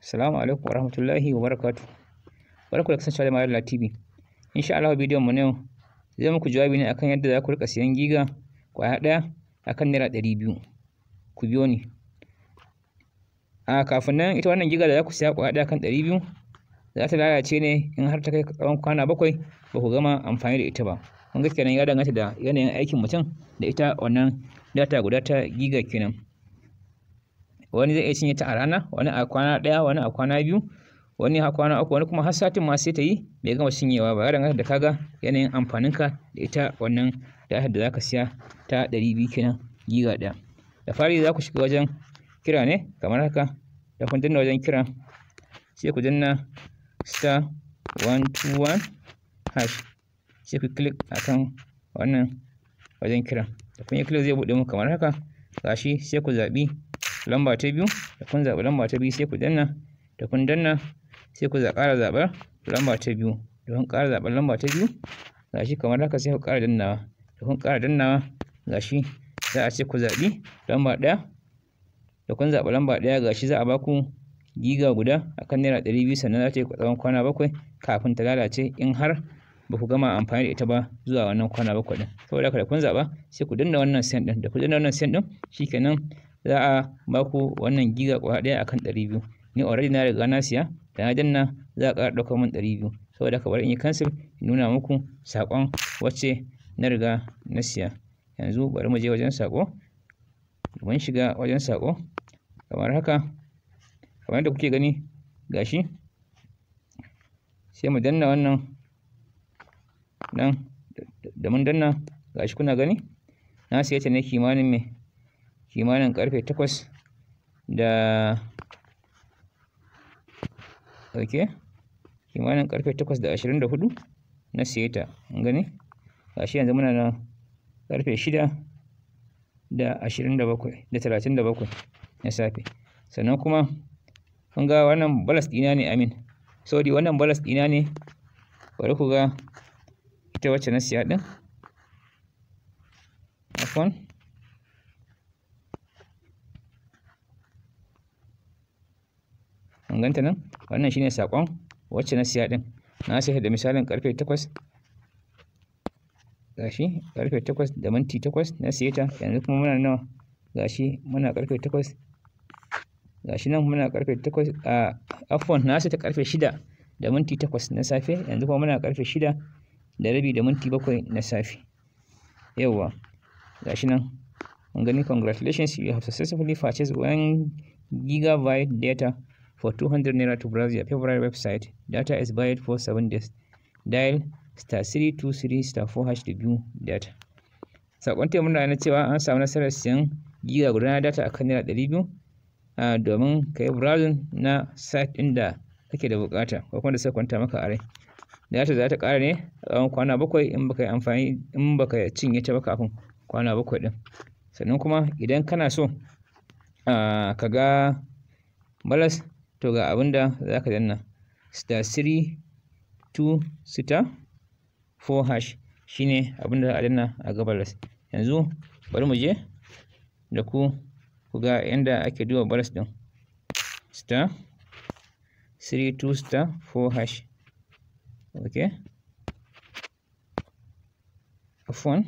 Salamu alaikum wa rahmatullahi wa barakatu. Barakatu da kasancewa da Marilla TV. sha Allah bidiyon mu na yau zai muku jawabi ne akan yadda za ku rika siyan giga kwaya ɗaya akan naira ɗari biyu. Ku biyo ni. A kafin nan ita wannan giga da za ku siya kwaya ɗaya akan ɗari biyu za ta lalace ne in har ta kai tsawon kwana bakwai ba ku gama amfani da ita ba. Kun gaskiya nan ya danganta da yanayin aikin mutum da ita wannan data guda ta giga kenan. wani zai iya cinye ta a rana wani a kwana ɗaya wani a kwana biyu wani a kwana uku wani kuma har satin ma sai ta yi bai gama cinyewa ba ya danganta da kaga yanayin amfaninka da ita wannan da da ka siya ta ɗari biyu kenan giga ɗaya da fari za ku shiga wajen kira ne kamar haka da kun danna wajen kira sai ku danna star one two one hash sai ku click akan wannan wajen kira da kun yi click zai buɗe mu kamar haka gashi sai ku zaɓi lamba ta biyu da kun zaɓi lamba ta biyu sai ku danna da kun danna sai ku ƙara zaɓar lamba ta biyu kun ƙara zaɓar lamba ta biyu shi kamar haka sai ku ƙara dannawa da kun ƙara dannawa shi za a ce ku zaɓi lamba ɗaya da kun zaɓi lamba ɗaya ga shi za a baku giga guda akan naira ɗari biyu sannan za ta yi tsawon kwana bakwai kafin ta lalace in har ba ku gama amfani da ita ba zuwa wannan kwana bakwai ɗin saboda haka da kun zaɓa sai ku danna wannan sen ɗin da ku danna wannan sen ɗin shikenan za a baku wannan giga kwaya ɗaya akan ɗari biyu ni already na riga na siya da na danna za a ƙara ɗaukar min ɗari biyu saboda haka bari in yi cancel in nuna muku saƙon wacce na riga na siya yanzu bari mu je wajen saƙo mun shiga wajen saƙo kamar haka kamar yadda kuke gani gashi sai mu danna wannan nan da mun danna gashi kuna gani na siya ta ne kimanin me kimanin karfe takwas da ok kimanin karfe takwas da ashirin da hudu na seta gani gashi yanzu muna na karfe shida da ashirin da bakwai da talatin da bakwai na safe sannan kuma kun ga wannan balas ɗina ne amin sorry wannan balas ɗina ne bari ku ga ita wacce na siya din afon ganta nan wannan shine sakon wacce na siya din na sai da misalin karfe 8 gashi karfe 8 da minti 8 na siye ta yanzu kuma muna nawa gashi muna karfe 8 gashi nan muna karfe 8 a afwan na sai ta karfe 6 da minti 8 na safe yanzu kuma muna karfe 6 da rabi da minti 7 na safe yawa gashi nan mun gani congratulations you have successfully purchased 1 gigabyte data for 200 naira to browse your favorite website. Data is valid for 7 days. Dial star 323 star 4 hash to view data. Sakon taimuna na cewa an samu nasarar siyan giga guda na data kan naira 200 domin ka yi browsing na site ɗin da kake da bukata ko kuma da sai kwanta maka a rai. Data za ta ƙara ne tsawon kwana bakwai in baka yi amfani in baka cinye ta ba kafin kwana bakwai ɗin. Sannan kuma idan kana so ka ga balas to ga abin da za ka danna star 3 2 star 4 hash shine abin da za a danna a gabaras yanzu bari mu je da ku ku ga yadda ake duba baras din star 3 2 star 4 hash okay afwan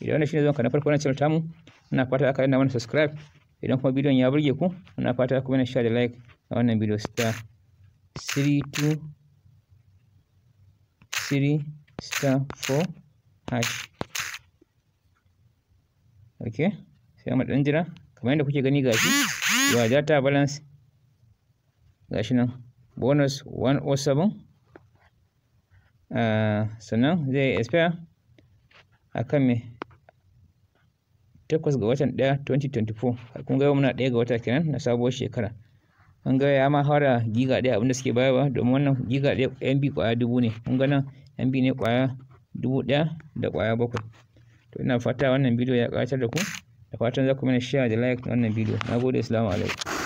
idan wannan shine zuwanka na farko na channel tamu ina fata aka yana mana subscribe idan kuma bidiyon ya burge ku ina fata ku mana share da like a wannan bidiyo star 32 star 4 hash ok sai mu dan jira kamar yadda kuke gani gashi yawa data balance gashi nan bonus 107 ah, sannan zai expire kan me takwas ga watan ɗaya 2024 kun gaya muna ɗaya ga wata kenan na sabuwar shekara an gaya ya ma fara giga ɗaya abinda suke baya ba, domin wannan giga ɗaya mb ƙwaya dubu ne kun ga nan mb ne ƙwaya dubu ɗaya da ƙwaya bakwai to ina fata wannan bidiyo ya ƙayatar da ku da fatan za ku mana share da like wannan bidiyo na gode assalamu alaikum